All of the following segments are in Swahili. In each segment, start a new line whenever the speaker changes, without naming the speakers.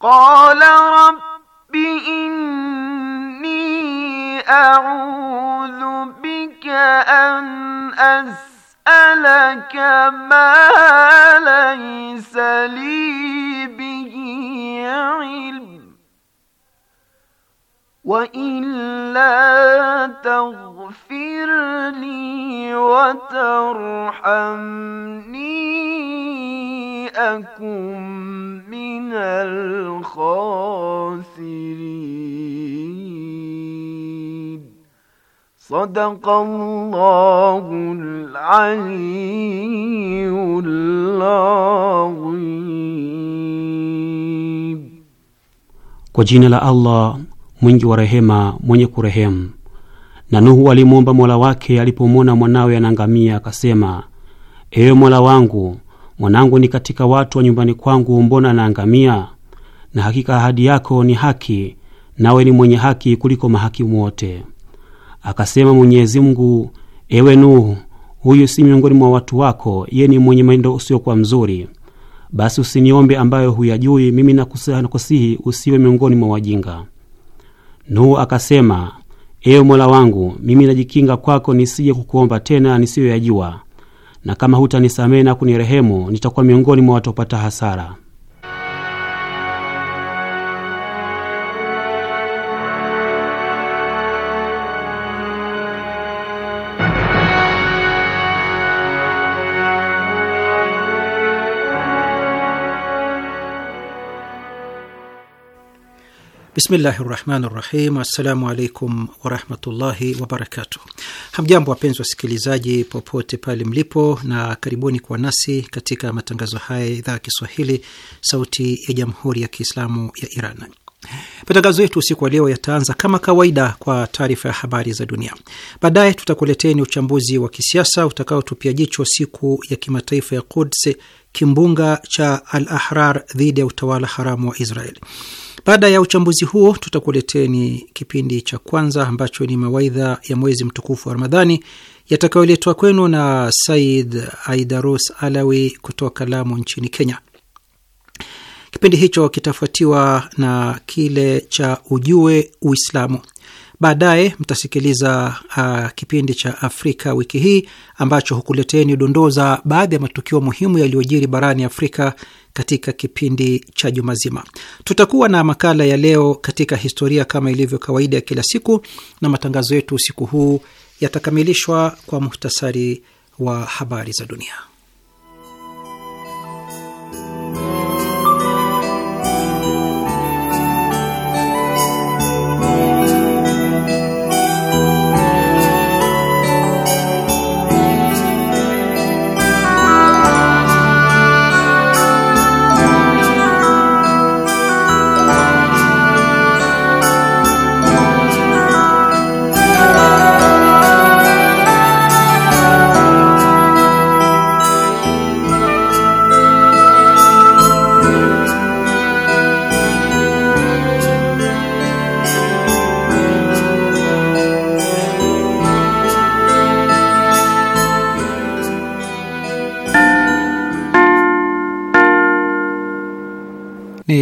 قال رب إني أعوذ بك أن أسألك ما ليس لي به علم وإلا تغفر لي وترحمني أكن من الخاسرين صدق الله العلي العظيم
Godzinele Allah mwingi wa rehema, mwenye kurehemu. Na Nuhu alimwomba mola wake alipomwona mwanawe anaangamia, akasema: ewe mola wangu, mwanangu ni katika watu wa nyumbani kwangu, mbona anaangamia? Na hakika ahadi yako ni haki, nawe ni mwenye haki kuliko mahakimu wote. Akasema Mwenyezi Mungu: ewe Nuhu, huyu si miongoni mwa watu wako, yeye ni mwenye mendo usiokuwa mzuri, basi usiniombe ambayo huyajui. Mimi nakusihi usiwe miongoni mwa wajinga. Nuhu akasema, ewe Mola wangu, mimi najikinga kwako nisije kukuomba tena nisiyoyajua, na kama hutanisamehe na kunirehemu nitakuwa miongoni mwa watopata hasara.
Bismillahi rahmani rahim. Assalamu alaikum warahmatullahi wabarakatuh. Hamjambo wapenzi wasikilizaji popote pale mlipo, na karibuni kwa nasi katika matangazo haya ya idhaa ya Kiswahili sauti ya jamhuri ya Kiislamu ya Iran. Matangazo yetu usiku wa leo yataanza kama kawaida kwa taarifa ya habari za dunia. Baadaye tutakuleteni uchambuzi wa kisiasa utakaotupia jicho siku ya kimataifa ya Quds, kimbunga cha Al Ahrar dhidi ya utawala haramu wa Israeli. Baada ya uchambuzi huo, tutakuleteni kipindi cha kwanza ambacho ni mawaidha ya mwezi mtukufu wa Ramadhani yatakayoletwa kwenu na Said Aidarus Alawi kutoka Lamu nchini Kenya. Kipindi hicho kitafuatiwa na kile cha Ujue Uislamu. Baadaye mtasikiliza uh, kipindi cha Afrika wiki hii ambacho hukuleteni dondoo za baadhi ya matukio muhimu yaliyojiri barani Afrika katika kipindi cha juma zima. Tutakuwa na makala ya leo katika historia kama ilivyo kawaida ya kila siku, na matangazo yetu usiku huu yatakamilishwa kwa muhtasari wa habari za dunia.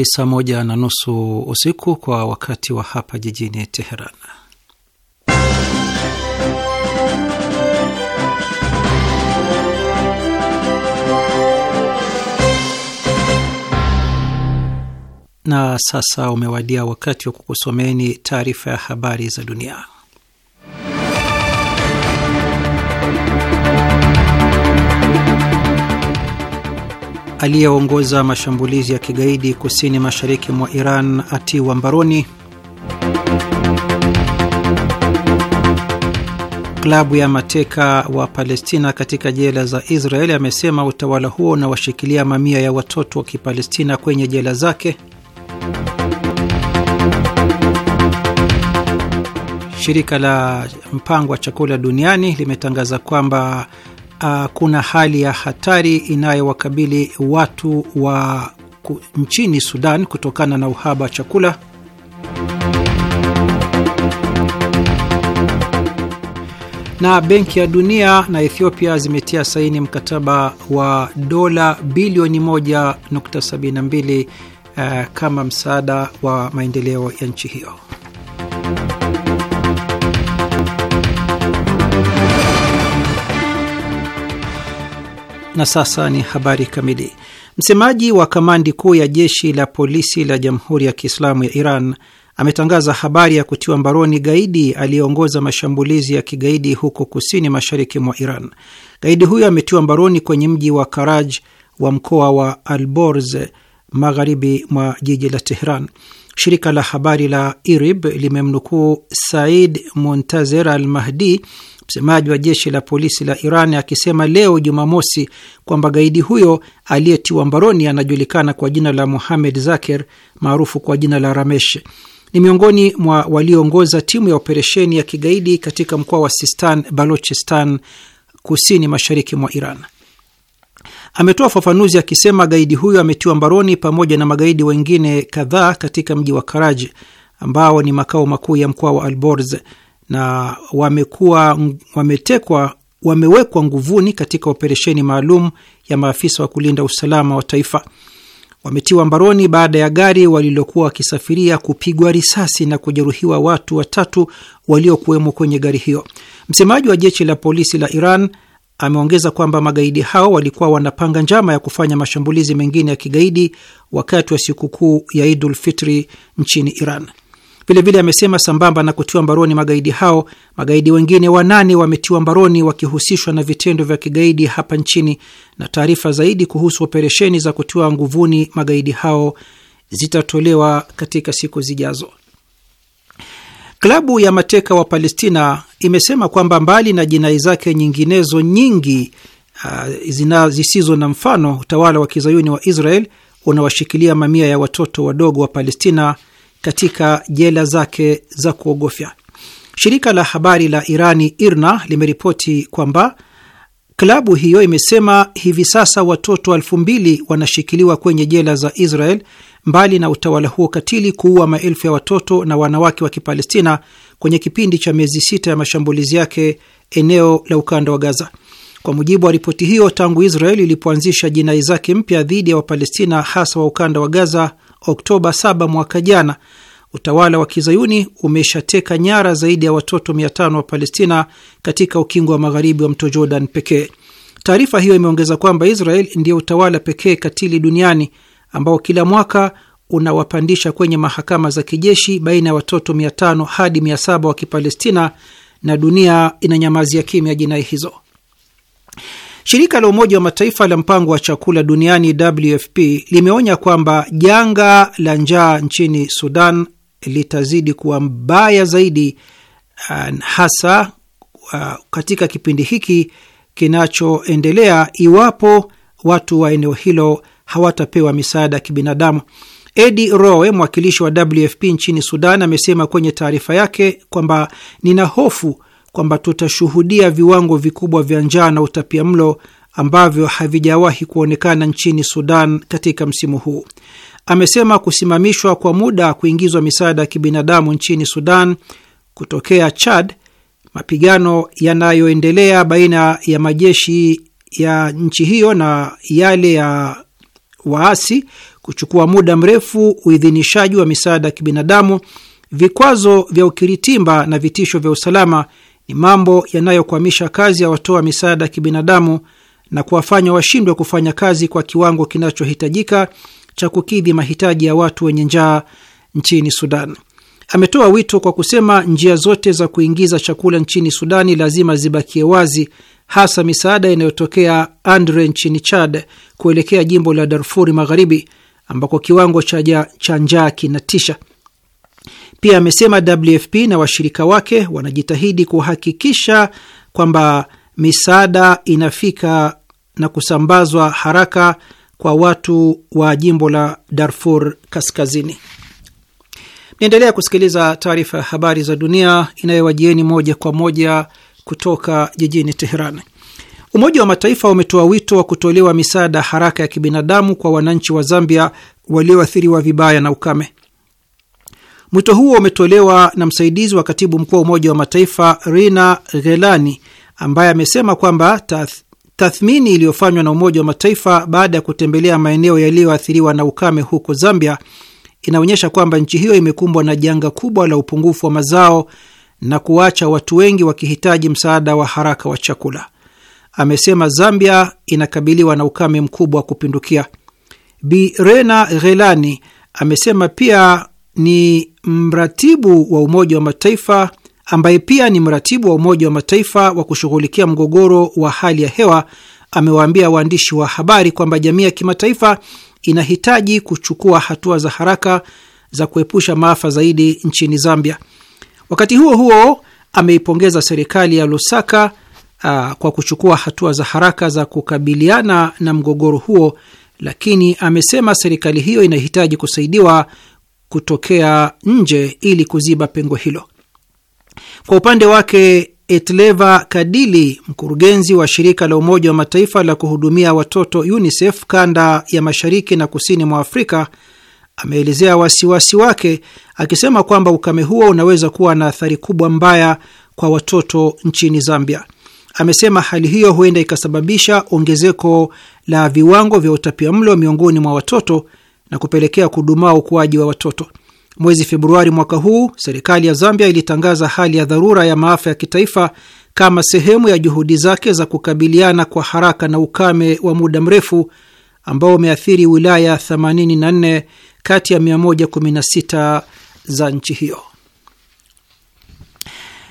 saa moja na nusu usiku kwa wakati wa hapa jijini Teheran. Na sasa umewadia wakati wa kukusomeni taarifa ya habari za dunia. aliyeongoza mashambulizi ya kigaidi kusini mashariki mwa Iran atiwa mbaroni. Klabu ya mateka wa Palestina katika jela za Israeli amesema utawala huo unawashikilia mamia ya watoto wa Kipalestina kwenye jela zake. Shirika la mpango wa chakula duniani limetangaza kwamba uh, kuna hali ya hatari inayowakabili watu wa nchini Sudan kutokana na uhaba wa chakula. Na Benki ya Dunia na Ethiopia zimetia saini mkataba wa dola bilioni 1.72 uh, eh, kama msaada wa maendeleo ya nchi hiyo. Na sasa ni habari kamili. Msemaji wa kamandi kuu ya jeshi la polisi la Jamhuri ya Kiislamu ya Iran ametangaza habari ya kutiwa mbaroni gaidi aliyeongoza mashambulizi ya kigaidi huko kusini mashariki mwa Iran. Gaidi huyo ametiwa mbaroni kwenye mji wa Karaj wa mkoa wa Alborz magharibi mwa jiji la Tehran. Shirika la habari la IRIB limemnukuu Said Montazer Al Mahdi msemaji wa jeshi la polisi la Iran akisema leo Jumamosi kwamba gaidi huyo aliyetiwa mbaroni anajulikana kwa jina la Muhamed Zaker maarufu kwa jina la Ramesh ni miongoni mwa walioongoza timu ya operesheni ya kigaidi katika mkoa wa Sistan Balochistan, kusini mashariki mwa Iran. Ametoa ufafanuzi akisema gaidi huyo ametiwa mbaroni pamoja na magaidi wengine kadhaa katika mji wa Karaji ambao ni makao makuu ya mkoa wa Alborz na wamekuwa wametekwa wamewekwa nguvuni katika operesheni maalum ya maafisa wa kulinda usalama wa taifa. Wametiwa mbaroni baada ya gari walilokuwa wakisafiria kupigwa risasi na kujeruhiwa watu watatu waliokuwemo kwenye gari hiyo. Msemaji wa jeshi la polisi la Iran ameongeza kwamba magaidi hao walikuwa wanapanga njama ya kufanya mashambulizi mengine ya kigaidi wakati wa sikukuu ya Idul Fitri nchini Iran. Vilevile amesema sambamba na kutiwa mbaroni magaidi hao, magaidi wengine wanane wametiwa mbaroni wakihusishwa na vitendo vya kigaidi hapa nchini, na taarifa zaidi kuhusu operesheni za kutiwa nguvuni magaidi hao zitatolewa katika siku zijazo. Klabu ya mateka wa Palestina imesema kwamba mbali na jinai zake nyinginezo nyingi uh, zina zisizo na mfano, utawala wa kizayuni wa Israel unawashikilia mamia ya watoto wadogo wa Palestina katika jela zake za kuogofya. Shirika la habari la Irani IRNA limeripoti kwamba klabu hiyo imesema hivi sasa watoto elfu mbili wanashikiliwa kwenye jela za Israel, mbali na utawala huo katili kuua maelfu ya watoto na wanawake wa Kipalestina kwenye kipindi cha miezi sita ya mashambulizi yake eneo la ukanda wa Gaza. Kwa mujibu wa ripoti hiyo, tangu Israeli ilipoanzisha jinai zake mpya dhidi ya Wapalestina, hasa wa ukanda wa Gaza Oktoba 7 mwaka jana, utawala wa kizayuni umeshateka nyara zaidi ya watoto 500 wa Palestina katika ukingo wa magharibi wa mto Jordan pekee. Taarifa hiyo imeongeza kwamba Israel ndiyo utawala pekee katili duniani ambao kila mwaka unawapandisha kwenye mahakama za kijeshi baina ya watoto 500 hadi 700 wa Kipalestina, na dunia inanyamazia kimya jinai hizo. Shirika la Umoja wa Mataifa la mpango wa chakula duniani WFP limeonya kwamba janga la njaa nchini Sudan litazidi kuwa mbaya zaidi, uh, hasa uh, katika kipindi hiki kinachoendelea iwapo watu wa eneo hilo hawatapewa misaada ya kibinadamu. Edi Rowe, mwakilishi wa WFP nchini Sudan, amesema kwenye taarifa yake kwamba nina hofu kwamba tutashuhudia viwango vikubwa vya njaa na utapia mlo ambavyo havijawahi kuonekana nchini Sudan katika msimu huu. Amesema kusimamishwa kwa muda kuingizwa misaada ya kibinadamu nchini Sudan kutokea Chad, mapigano yanayoendelea baina ya majeshi ya nchi hiyo na yale ya waasi, kuchukua muda mrefu uidhinishaji wa misaada ya kibinadamu, vikwazo vya ukiritimba na vitisho vya usalama ni mambo yanayokwamisha kazi ya watoa misaada ya kibinadamu na kuwafanya washindwe kufanya kazi kwa kiwango kinachohitajika cha kukidhi mahitaji ya watu wenye njaa nchini Sudan. Ametoa wito kwa kusema njia zote za kuingiza chakula nchini Sudani lazima zibakie wazi, hasa misaada inayotokea Andre nchini Chad kuelekea jimbo la Darfuri Magharibi, ambako kiwango cha njaa kinatisha. Pia amesema WFP na washirika wake wanajitahidi kuhakikisha kwamba misaada inafika na kusambazwa haraka kwa watu wa jimbo la Darfur Kaskazini. Naendelea kusikiliza taarifa ya habari za dunia inayowajieni moja kwa moja kutoka jijini Teheran. Umoja wa Mataifa umetoa wito wa kutolewa misaada haraka ya kibinadamu kwa wananchi wa Zambia walioathiriwa vibaya na ukame. Mwito huo umetolewa na msaidizi wa katibu mkuu wa Umoja wa Mataifa Rina Ghelani ambaye amesema kwamba tath, tathmini iliyofanywa na Umoja wa Mataifa baada ya kutembelea maeneo yaliyoathiriwa na ukame huko Zambia inaonyesha kwamba nchi hiyo imekumbwa na janga kubwa la upungufu wa mazao na kuwacha watu wengi wakihitaji msaada wa haraka wa chakula. Amesema Zambia inakabiliwa na ukame mkubwa wa kupindukia. brena Ghelani amesema pia ni mratibu wa Umoja wa Mataifa ambaye pia ni mratibu wa Umoja wa Mataifa wa kushughulikia mgogoro wa hali ya hewa amewaambia waandishi wa habari kwamba jamii ya kimataifa inahitaji kuchukua hatua za haraka za kuepusha maafa zaidi nchini Zambia. Wakati huo huo, ameipongeza serikali ya Lusaka aa, kwa kuchukua hatua za haraka za kukabiliana na mgogoro huo, lakini amesema serikali hiyo inahitaji kusaidiwa kutokea nje ili kuziba pengo hilo. Kwa upande wake Etleva Kadili, mkurugenzi wa shirika la Umoja wa Mataifa la kuhudumia watoto UNICEF kanda ya mashariki na kusini mwa Afrika, ameelezea wasiwasi wake akisema kwamba ukame huo unaweza kuwa na athari kubwa mbaya kwa watoto nchini Zambia. Amesema hali hiyo huenda ikasababisha ongezeko la viwango vya utapiamlo miongoni mwa watoto na kupelekea kudumaa ukuaji wa watoto. Mwezi Februari mwaka huu, serikali ya Zambia ilitangaza hali ya dharura ya maafa ya kitaifa kama sehemu ya juhudi zake za kukabiliana kwa haraka na ukame wa muda mrefu ambao umeathiri wilaya 84 kati ya 116 za nchi hiyo.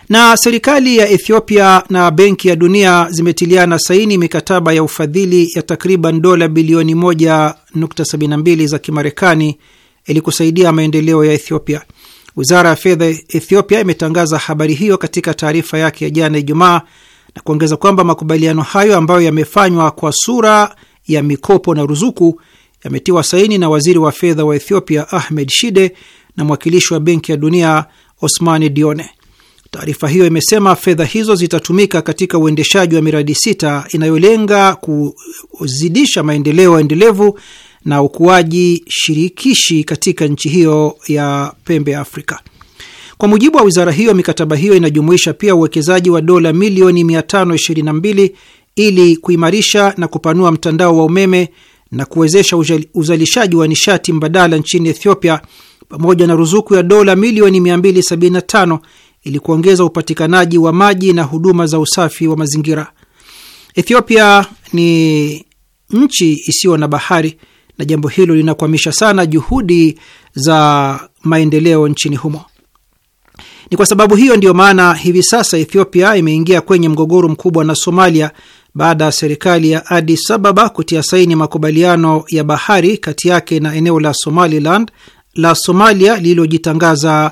Na serikali ya Ethiopia na Benki ya Dunia zimetiliana saini mikataba ya ufadhili ya takriban dola bilioni 1.72 za Kimarekani ili kusaidia maendeleo ya Ethiopia. Wizara ya fedha Ethiopia imetangaza habari hiyo katika taarifa yake ya jana Ijumaa na kuongeza kwamba makubaliano hayo ambayo yamefanywa kwa sura ya mikopo na ruzuku yametiwa saini na waziri wa fedha wa Ethiopia Ahmed Shide na mwakilishi wa Benki ya Dunia Osmani Dione. Taarifa hiyo imesema fedha hizo zitatumika katika uendeshaji wa miradi sita inayolenga kuzidisha maendeleo endelevu na ukuaji shirikishi katika nchi hiyo ya pembe ya Afrika. Kwa mujibu wa wizara hiyo, mikataba hiyo inajumuisha pia uwekezaji wa dola milioni 522 ili kuimarisha na kupanua mtandao wa umeme na kuwezesha uzalishaji wa nishati mbadala nchini Ethiopia, pamoja na ruzuku ya dola milioni 275 ili kuongeza upatikanaji wa maji na huduma za usafi wa mazingira. Ethiopia ni nchi isiyo na bahari na jambo hilo linakwamisha sana juhudi za maendeleo nchini humo. Ni kwa sababu hiyo ndiyo maana hivi sasa Ethiopia imeingia kwenye mgogoro mkubwa na Somalia baada ya serikali ya Addis Ababa kutia saini makubaliano ya bahari kati yake na eneo la Somaliland la Somalia lililojitangaza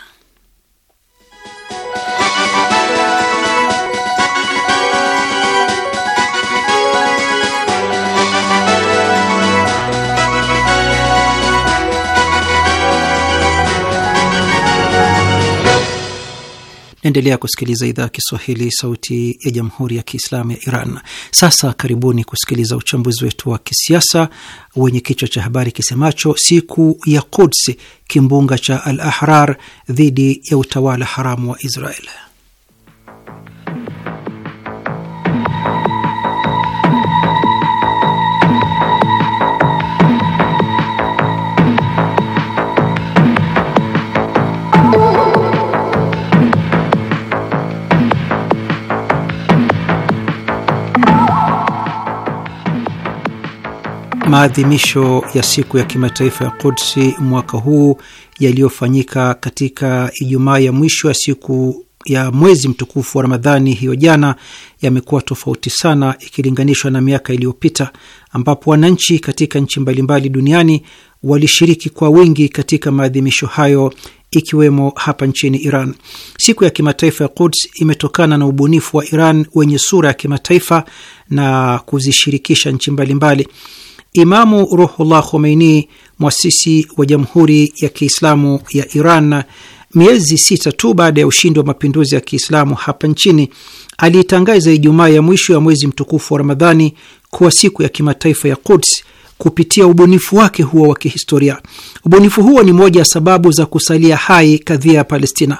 Naendelea kusikiliza idhaa ya Kiswahili, sauti ya jamhuri ya kiislamu ya Iran. Sasa karibuni kusikiliza uchambuzi wetu wa kisiasa wenye kichwa cha habari kisemacho siku ya Quds, kimbunga cha Al Ahrar dhidi ya utawala haramu wa Israel. maadhimisho ya siku ya kimataifa ya Kudsi mwaka huu yaliyofanyika katika Ijumaa ya mwisho ya siku ya mwezi mtukufu wa Ramadhani hiyo jana yamekuwa tofauti sana ikilinganishwa na miaka iliyopita ambapo wananchi katika nchi mbalimbali duniani walishiriki kwa wingi katika maadhimisho hayo ikiwemo hapa nchini Iran. Siku ya kimataifa ya Quds imetokana na ubunifu wa Iran wenye sura ya kimataifa na kuzishirikisha nchi mbalimbali mbali. Imamu Ruhullah Khomeini, mwasisi wa Jamhuri ya Kiislamu ya Iran, miezi sita tu baada ya ushindi wa mapinduzi ya Kiislamu hapa nchini, aliitangaza Ijumaa ya mwisho ya mwezi mtukufu wa Ramadhani kuwa siku ya kimataifa ya Quds kupitia ubunifu wake huo wa kihistoria. Ubunifu huo ni moja ya sababu za kusalia hai kadhia ya Palestina.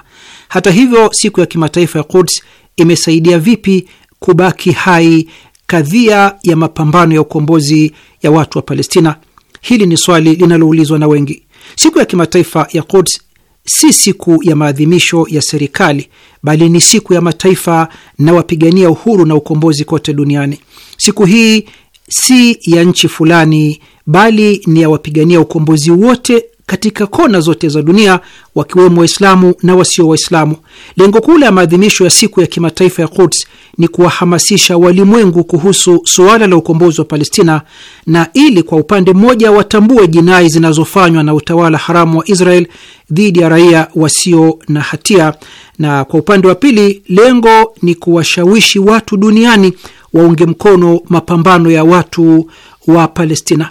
Hata hivyo, siku ya kimataifa ya Quds imesaidia vipi kubaki hai kadhia ya mapambano ya ukombozi ya watu wa Palestina? Hili ni swali linaloulizwa na wengi. Siku ya kimataifa ya Quds si siku ya maadhimisho ya serikali bali ni siku ya mataifa na wapigania uhuru na ukombozi kote duniani. Siku hii si ya nchi fulani bali ni ya wapigania ukombozi wote katika kona zote za dunia wakiwemo Waislamu na wasio Waislamu. Lengo kuu la maadhimisho ya siku ya kimataifa ya Quds ni kuwahamasisha walimwengu kuhusu suala la ukombozi wa Palestina, na ili kwa upande mmoja watambue jinai zinazofanywa na utawala haramu wa Israel dhidi ya raia wasio na hatia, na kwa upande wa pili lengo ni kuwashawishi watu duniani waunge mkono mapambano ya watu wa Palestina.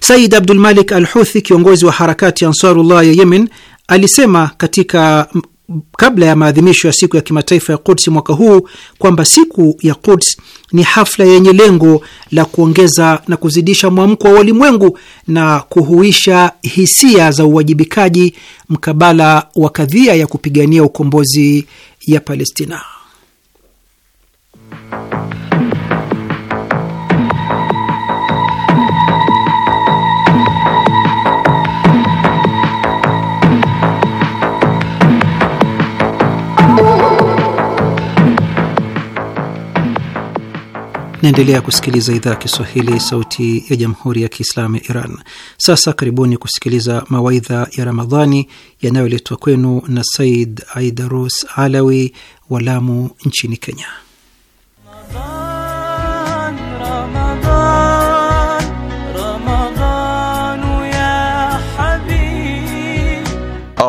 Said abdul malik al Huthi, kiongozi wa harakati Ansarullah ya Yemen, alisema katika kabla ya maadhimisho ya siku ya kimataifa ya Quds mwaka huu kwamba siku ya Quds ni hafla yenye lengo la kuongeza na kuzidisha mwamko wa walimwengu na kuhuisha hisia za uwajibikaji mkabala wa kadhia ya kupigania ukombozi ya Palestina. Naendelea kusikiliza idhaa ya Kiswahili, sauti ya jamhuri ya kiislamu ya Iran. Sasa karibuni kusikiliza mawaidha ya Ramadhani yanayoletwa kwenu na Said Aidarus Alawi wa Lamu nchini Kenya.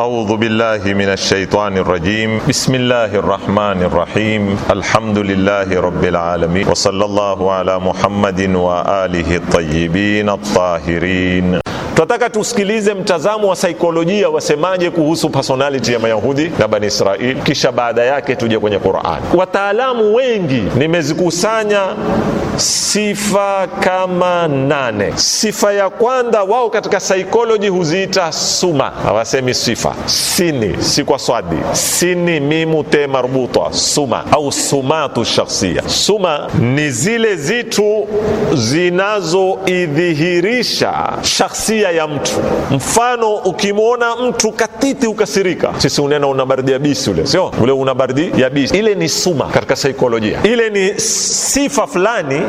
أعوذ بالله من الشيطان الرجيم بسم الله الرحمن الرحيم الحمد لله رب العالمين وصلى الله على محمد وآله الطيبين الطاهرين Tunataka tusikilize mtazamo wa saikolojia wasemaje kuhusu personality ya Mayahudi na Bani Israil, kisha baada yake tuje kwenye Qur'an. Wataalamu wengi nimezikusanya sifa kama nane. Sifa ya kwanza wao katika saikoloji huziita suma, hawasemi sifa. Sini si kwa swadi, sini mimu te marbuta suma au sumatu shakhsia. Suma ni zile zitu zinazoidhihirisha shakhsia tabia ya mtu. Mfano, ukimwona mtu katiti ukasirika, sisi unena una baridi yabisi, ule sio ule, una baridi yabisi, ile ni suma katika saikolojia, ile ni sifa fulani.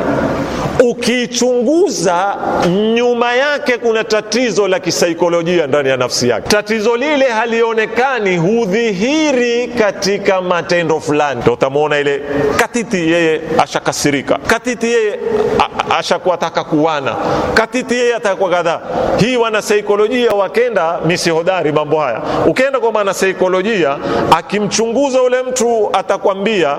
Ukiichunguza nyuma yake kuna tatizo la kisaikolojia ndani ya nafsi yake. Tatizo lile halionekani, hudhihiri katika matendo fulani. Ndio utamwona ile katiti, yeye ashakasirika, katiti yeye ashakuwa taka kuwana, katiti yeye atakuwa kadhaa hii wanasaikolojia wakenda misi hodari mambo haya. Ukenda kwa mwanasaikolojia akimchunguza ule mtu, atakwambia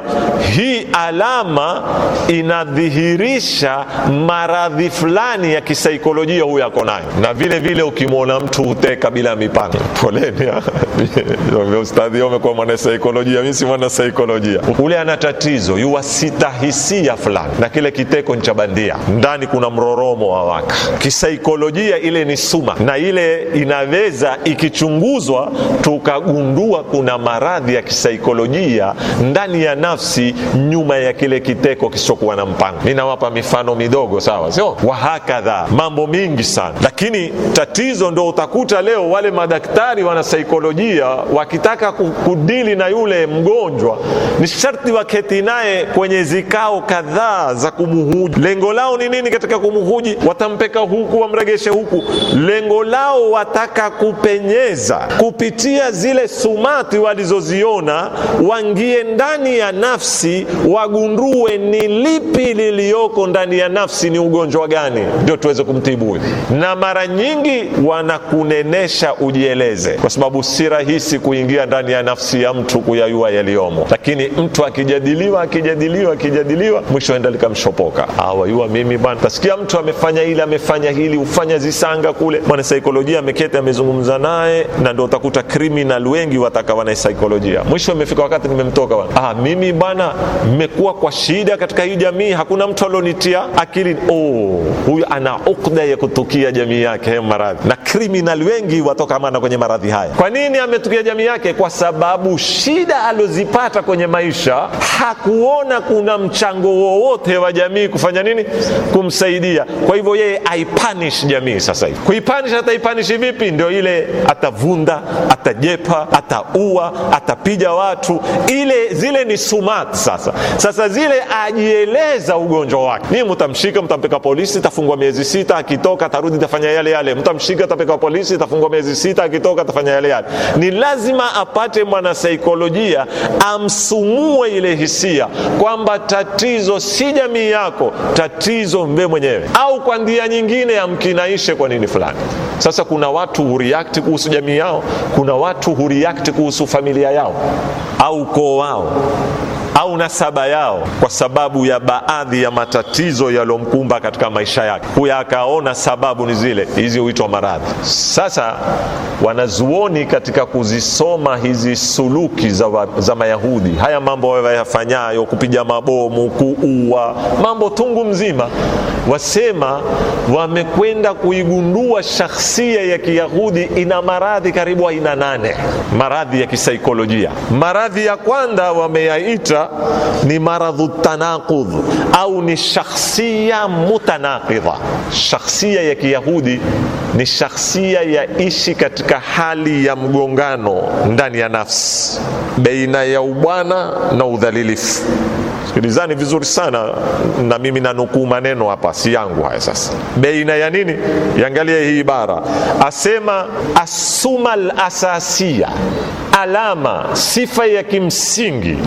hii alama inadhihirisha maradhi fulani ya kisaikolojia huyu ako nayo. Na vile vile ukimwona mtu huteka bila mipango, poleni ah. ustadhi, umekuwa mwanasaikolojia, mimi si mwanasaikolojia. Ule ana tatizo yuwasita hisia fulani, na kile kiteko nchabandia ndani kuna mroromo wa waka kisaikolojia ile ni suma, na ile inaweza ikichunguzwa tukagundua kuna maradhi ya kisaikolojia ndani ya nafsi nyuma ya kile kiteko kisichokuwa na mpango. Ninawapa mifano midogo, sawa sio? Wahakadha, mambo mingi sana, lakini tatizo ndo utakuta leo wale madaktari wana saikolojia wakitaka kudili na yule mgonjwa ni sharti waketi naye kwenye zikao kadhaa za kumuhuji. Lengo lao ni nini katika kumuhuji? Watampeka huku, wamregeshe huku, lengo lao wataka kupenyeza kupitia zile sumati walizoziona, wangie ndani ya nafsi, wagundue ni lipi liliyoko ndani ya nafsi, ni ugonjwa gani, ndio tuweze kumtibu huyu. Na mara nyingi wanakunenesha ujieleze, kwa sababu si rahisi kuingia ndani ya nafsi ya mtu kuyayua yaliyomo, lakini mtu akijadiliwa, akijadiliwa, akijadiliwa, mwisho enda likamshopoka awayua, ah, mimi bana, tasikia mtu amefanya hili amefanya hili, hufanya zisanga kuja kule mwanasaikolojia ameketi amezungumza naye, na ndio utakuta criminal wengi wataka wanasaikolojia. Mwisho imefika wakati nimemtoka bwana, ah, mimi bwana, mmekuwa kwa shida katika hii jamii, hakuna mtu alionitia akili. Oh, huyu ana ukda ya kutukia jamii yake hayo maradhi, na criminal wengi watoka mana kwenye maradhi haya. Kwa nini ametukia jamii yake? Kwa sababu shida alozipata kwenye maisha hakuona kuna mchango wowote wa jamii kufanya nini, kumsaidia. Kwa hivyo yeye aipanish jamii sasa hivi kuipanisha ataipanishi vipi? Ndio ile atavunda, atajepa, ataua, atapiga watu, ile zile ni sumat. Sasa sasa zile ajieleza ugonjwa wake ni mtamshika, mtampeka polisi, tafungwa miezi sita, akitoka atarudi, tafanya yale yale. Mtamshika, tapeka polisi, tafungwa miezi sita, akitoka tafanya yale yale. Ni lazima apate mwanasaikolojia amsumue ile hisia kwamba tatizo si jamii yako, tatizo mbe mwenyewe, au kwa njia nyingine amkinaishe. Kwa nini? fulani. Sasa kuna watu huriact kuhusu jamii yao, kuna watu huriact kuhusu familia yao au ukoo wao au nasaba yao, kwa sababu ya baadhi ya matatizo yaliyomkumba katika maisha yake. Huyo akaona sababu ni zile hizi, huitwa maradhi. Sasa wanazuoni katika kuzisoma hizi suluki za, wa, za Mayahudi, haya mambo wayafanyayo, kupiga mabomu, kuua, mambo tungu mzima, wasema wamekwenda kuigundua shakhsia ya Kiyahudi ina maradhi karibu aina nane, maradhi ya kisaikolojia. Maradhi ya kwanza wameyaita ni maradhu tanaqudh au ni shakhsia mutanaqidha. Shakhsia ya Kiyahudi ni shakhsia ya ishi katika hali ya mgongano ndani ya nafsi baina ya ubwana na udhalilifu. Sikilizani vizuri sana na mimi nanukuu maneno hapa, si yangu haya. Sasa baina ya nini? Yangalia hii ibara, asema asuma lasasia asasiya, alama sifa ya kimsingi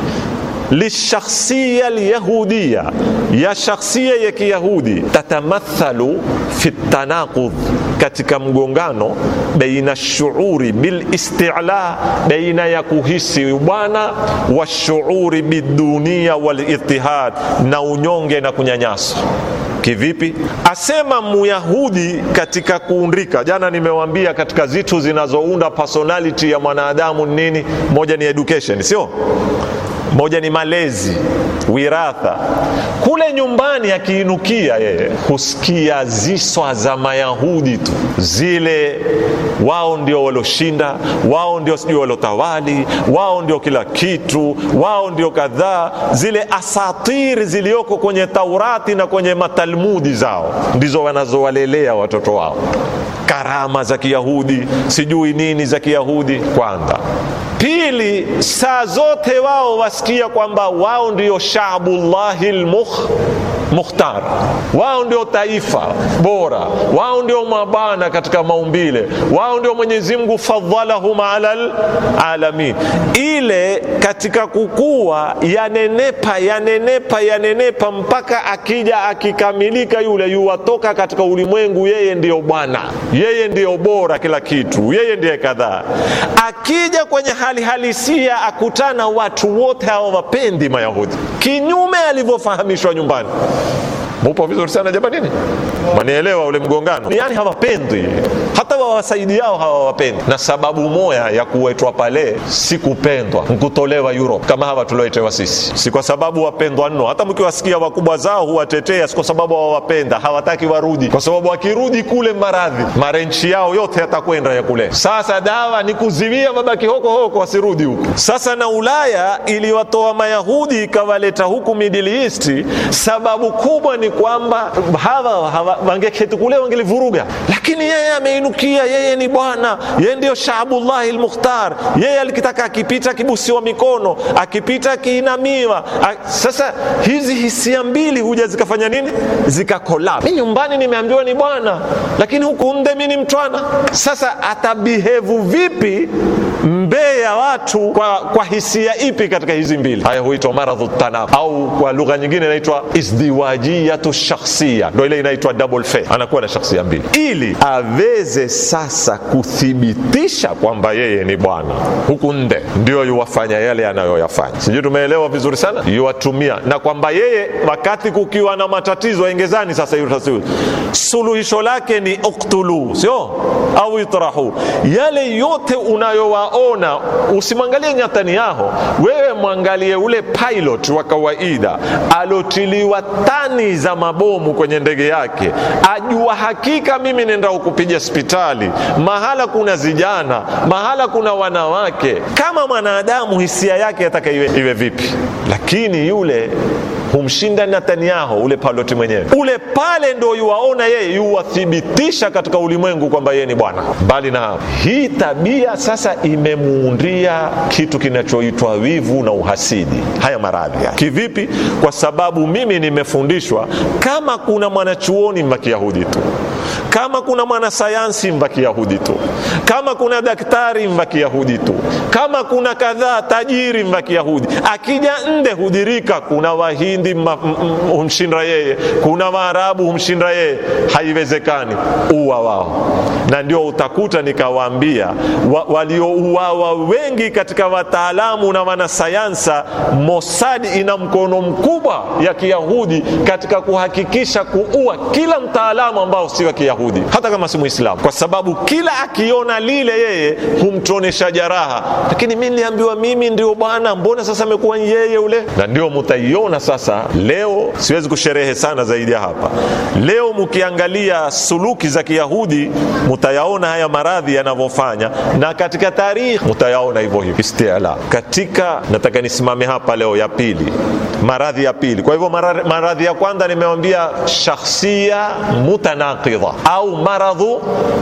lishakhsia lyahudia ya shakhsia ya Kiyahudi, tatamathalu fi tanaqudh, katika mgongano baina shuuri bilistila istila, baina ya kuhisi ubwana wa shuuri bidunia walitihad na unyonge na kunyanyaswa. Kivipi? Asema Myahudi katika kuundika. Jana nimewambia katika zitu zinazounda personality ya mwanadamu nini, moja ni education, sio moja ni malezi, wiratha. Kule nyumbani akiinukia yeye husikia ziswa za Mayahudi tu, zile wao ndio waloshinda, wao ndio sijui walotawali, wao ndio kila kitu, wao ndio kadhaa. Zile asatiri zilioko kwenye Taurati na kwenye matalmudi zao ndizo wanazowalelea watoto wao, karama za Kiyahudi, sijui nini za Kiyahudi. Kwanza Pili, saa zote wao wasikia kwamba wao ndio shaabullahi lmukh mukhtar wao ndio taifa bora, wao ndio mabana katika maumbile, wao ndio Mwenyezi Mungu fadhalahum ala alamin. Ile katika kukua yanenepa yanenepa yanenepa mpaka akija akikamilika yule, yuwatoka katika ulimwengu, yeye ndiyo bwana, yeye ndiyo bora kila kitu, yeye ndiye kadhaa. Akija kwenye hali hali halisia akutana watu wote hawa wapendi Mayahudi, kinyume alivyofahamishwa nyumbani mupo vizuri sana nini manielewa ule mgongano yani hawapendi hata wawasaidiao hawawapendi na sababu moya ya kuwetwa pale si kupendwa nkutolewa europe kama hawa tulioetewa sisi si kwa sababu wapendwa nno hata mkiwasikia wakubwa zao huwatetea si kwa sababu hawawapenda hawataki warudi kwa sababu wakirudi kule maradhi marenchi yao yote yatakwenda ya kule sasa dawa ni kuziwia wabaki hoko hoko wasirudi huku sasa na ulaya iliwatoa mayahudi ikawaleta huku middle east sababu kubwa ni kwamba hawa, hawa wangeketi kule wangelivuruga, lakini yeye ameinukia, yeye ni bwana, yeye ndiyo Shaabullahi Lmukhtar. Yeye alikitaka akipita akibusiwa mikono, akipita akiinamiwa. Sasa hizi hisia mbili huja zikafanya nini, zikakola. Mi nyumbani nimeambiwa ni bwana, lakini huku mde mi ni mtwana. Sasa atabihevu vipi mbee ya watu kwa, kwa hisia ipi katika hizi mbili? Haya huitwa maradhu tanaf, au kwa lugha nyingine inaitwa izdiwajiyat tatu shakhsia, ndo ile inaitwa double faith, anakuwa na shakhsia mbili, ili aweze sasa kuthibitisha kwamba yeye ni Bwana huku nde, ndio yuwafanya yale anayoyafanya. Sijui tumeelewa vizuri sana, yuwatumia na kwamba yeye wakati kukiwa na matatizo engezani, sasa hiyo suluhisho lake ni uktulu, sio au itrahu. Yale yote unayowaona usimwangalie nyatani yaho, wewe mwangalie ule pilot wa kawaida alotiliwa tani za mabomu kwenye ndege yake, ajua hakika mimi nenda kukupiga hospitali, mahala kuna zijana, mahala kuna wanawake. Kama mwanadamu hisia yake ataka iwe, iwe vipi? Lakini yule humshinda Netanyahu ule paloti mwenyewe ule pale, ndo yuwaona yeye, yuwathibitisha katika ulimwengu kwamba yeye ni bwana. Mbali na hii tabia sasa imemuundia kitu kinachoitwa wivu na uhasidi, haya maradhi ya Kivipi? Kwa sababu mimi nimefundishwa kama kuna mwanachuoni makiyahudi tu kama kuna mwanasayansi mva Kiyahudi tu, kama kuna daktari mva Kiyahudi tu, kama kuna kadhaa tajiri mva Kiyahudi. Akija nde hudirika, kuna wahindi humshinda yeye, kuna waarabu humshinda yeye, haiwezekani. Uwa wao, na ndio utakuta nikawaambia, wa, waliouawa wengi katika wataalamu na wanasayansa, mosadi ina mkono mkubwa ya Kiyahudi katika kuhakikisha kuua kila mtaalamu ambao si wa Kiyahudi. Myahudi hata kama si Muislamu, kwa sababu kila akiona lile yeye humtonesha jaraha. Lakini mi niliambiwa mimi ndio bwana, mbona sasa amekuwa yeye ule? Na ndio mutaiona sasa. Leo siwezi kusherehe sana zaidi ya hapa. Leo mukiangalia suluki za Kiyahudi mutayaona haya maradhi yanavyofanya, na katika tarikhi mutayaona hivyo hivyo. Istiala katika, nataka nisimame hapa leo ya pili maradhi ya pili. Kwa hivyo maradhi ya kwanza nimewambia shakhsia mutanaqidha au maradhu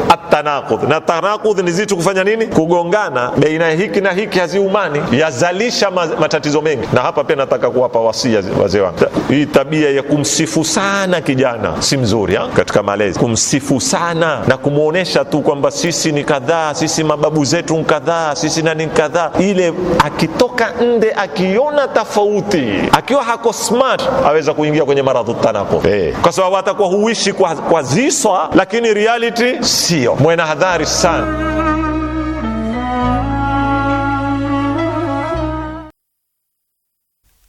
atanaqud, na tanaqud ni zitu kufanya nini? Kugongana baina hiki na hiki, haziumani, yazalisha matatizo mengi. Na hapa pia nataka kuwapa wasia wazee wangu, hii tabia ya kumsifu sana kijana si mzuri ha? katika malezi kumsifu sana na kumwonyesha tu kwamba sisi ni kadhaa, sisi mababu zetu ni kadhaa, sisi nani kadhaa, ile akitoka nde akiona tofauti aki akiwa hako smart aweza kuingia kwenye maradhi tanako hey. Eh. kwa sababu atakuwa huishi kwa, kwa ziswa ah, lakini reality sio mwena hadhari sana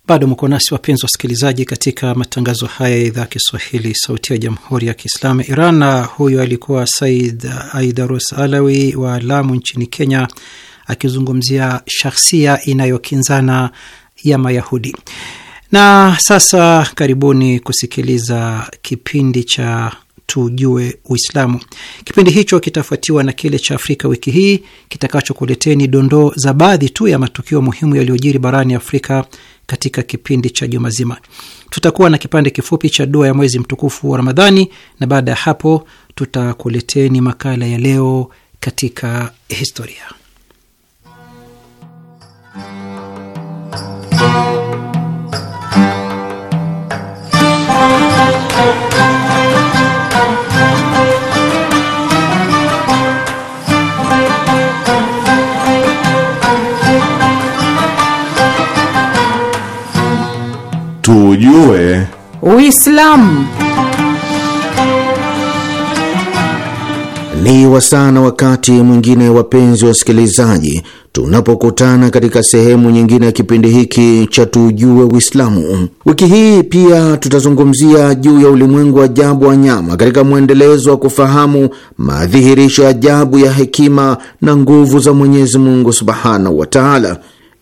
Bado mko nasi wapenzi wasikilizaji, katika matangazo haya ya idhaa ya Kiswahili, sauti ya jamhuri ya kiislamu ya Iran. Na huyo alikuwa Said Aidarus Alawi wa Lamu nchini Kenya, akizungumzia shakhsia inayokinzana ya Mayahudi. Na sasa karibuni kusikiliza kipindi cha Tujue Uislamu. Kipindi hicho kitafuatiwa na kile cha Afrika wiki hii kitakachokuleteni dondoo za baadhi tu ya matukio muhimu yaliyojiri barani Afrika katika kipindi cha juma zima. Tutakuwa na kipande kifupi cha dua ya mwezi mtukufu wa Ramadhani, na baada ya hapo tutakuleteni makala ya leo katika historia.
tujue Uislamu.
Ni wasana wakati mwingine, wapenzi wasikilizaji, tunapokutana katika sehemu nyingine ya kipindi hiki cha tujue Uislamu. Wiki hii pia tutazungumzia juu ya ulimwengu wa ajabu wa nyama katika mwendelezo wa kufahamu madhihirisho ajabu ya hekima na nguvu za Mwenyezi Mungu subhanahu wa taala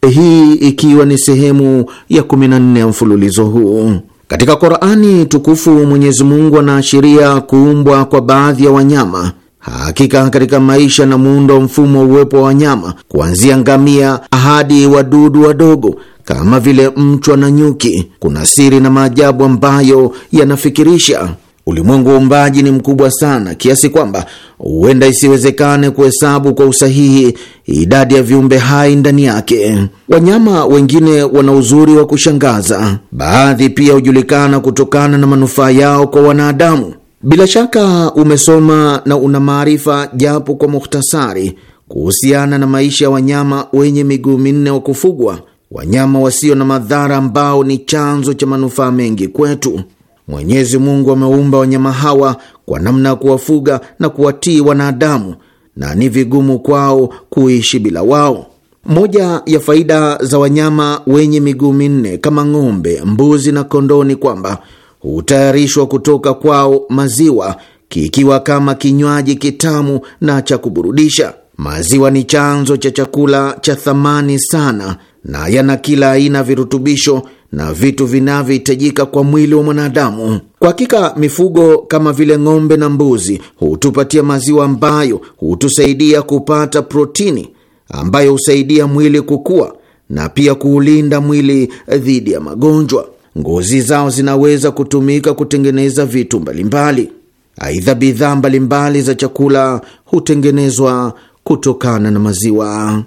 hii ikiwa ni sehemu ya 14 ya mfululizo huu. Katika Korani tukufu Mwenyezi Mungu anaashiria kuumbwa kwa baadhi ya wanyama. Hakika katika maisha na muundo wa mfumo wa uwepo wa wanyama, kuanzia ngamia hadi wadudu wadogo kama vile mchwa na nyuki, kuna siri na maajabu ambayo yanafikirisha. Ulimwengu wa umbaji ni mkubwa sana kiasi kwamba huenda isiwezekane kuhesabu kwa usahihi idadi ya viumbe hai ndani yake. Wanyama wengine wana uzuri wa kushangaza, baadhi pia hujulikana kutokana na manufaa yao kwa wanadamu. Bila shaka umesoma na una maarifa japo kwa muhtasari kuhusiana na maisha ya wanyama wenye miguu minne wa kufugwa, wanyama wasio na madhara ambao ni chanzo cha manufaa mengi kwetu. Mwenyezi Mungu ameumba wanyama hawa kwa namna ya kuwafuga na kuwatii wanadamu, na ni vigumu kwao kuishi bila wao. Moja ya faida za wanyama wenye miguu minne kama ng'ombe, mbuzi na kondoo ni kwamba hutayarishwa kutoka kwao maziwa kikiwa kama kinywaji kitamu na cha kuburudisha. Maziwa ni chanzo cha chakula cha thamani sana na yana kila aina virutubisho na vitu vinavyohitajika kwa mwili wa mwanadamu. Kwa hakika mifugo kama vile ng'ombe na mbuzi hutupatia maziwa ambayo hutusaidia kupata protini ambayo husaidia mwili kukua na pia kuulinda mwili dhidi ya magonjwa. Ngozi zao zinaweza kutumika kutengeneza vitu mbalimbali. Aidha, bidhaa mbalimbali za chakula hutengenezwa kutokana na maziwa.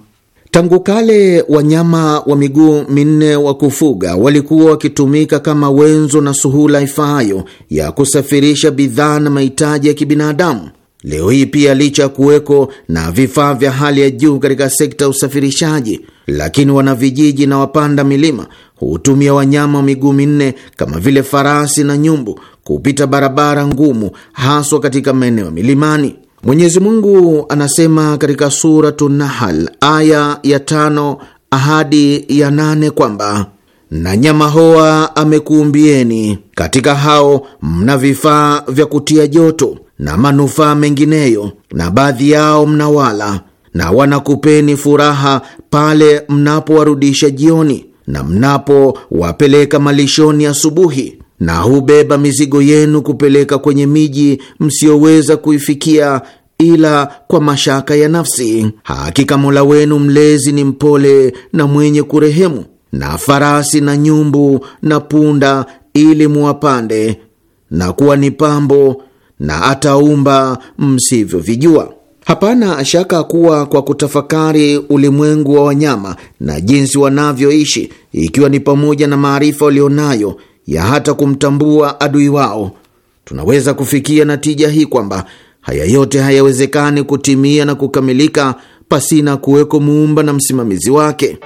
Tangu kale wanyama wa miguu minne wa kufuga walikuwa wakitumika kama wenzo na suhula ifaayo ya kusafirisha bidhaa na mahitaji ya kibinadamu. Leo hii pia, licha ya kuweko na vifaa vya hali ya juu katika sekta ya usafirishaji, lakini wanavijiji na wapanda milima hutumia wanyama wa miguu minne kama vile farasi na nyumbu kupita barabara ngumu, haswa katika maeneo ya milimani. Mwenyezi Mungu anasema katika Suratu Nahal aya ya tano ahadi ya nane kwamba na nyama hoa amekuumbieni, katika hao mna vifaa vya kutia joto na manufaa mengineyo, na baadhi yao mnawala, na wanakupeni furaha pale mnapowarudisha jioni na mnapowapeleka malishoni asubuhi na hubeba mizigo yenu kupeleka kwenye miji msiyoweza kuifikia ila kwa mashaka ya nafsi. Hakika Mola wenu mlezi ni mpole na mwenye kurehemu, na farasi na nyumbu na punda ili muwapande na kuwa ni pambo, na ataumba msivyovijua. Hapana shaka kuwa kwa kutafakari ulimwengu wa wanyama na jinsi wanavyoishi, ikiwa ni pamoja na maarifa walionayo ya hata kumtambua adui wao. Tunaweza kufikia natija hii kwamba haya yote hayawezekani kutimia na kukamilika pasina kuweko muumba na msimamizi wake.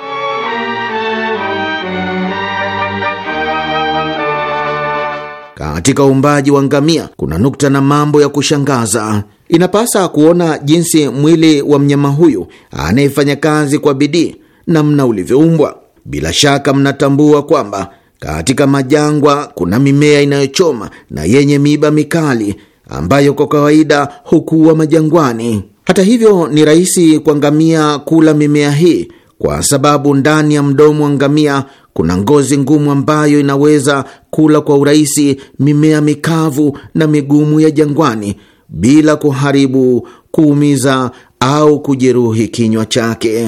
Katika uumbaji wa ngamia kuna nukta na mambo ya kushangaza. Inapasa kuona jinsi mwili wa mnyama huyu anayefanya kazi kwa bidii, namna ulivyoumbwa. Bila shaka mnatambua kwamba katika majangwa kuna mimea inayochoma na yenye miiba mikali ambayo kwa kawaida hukuwa majangwani. Hata hivyo, ni rahisi kwa ngamia kula mimea hii kwa sababu ndani ya mdomo wa ngamia kuna ngozi ngumu ambayo inaweza kula kwa urahisi mimea mikavu na migumu ya jangwani bila kuharibu, kuumiza au kujeruhi kinywa chake.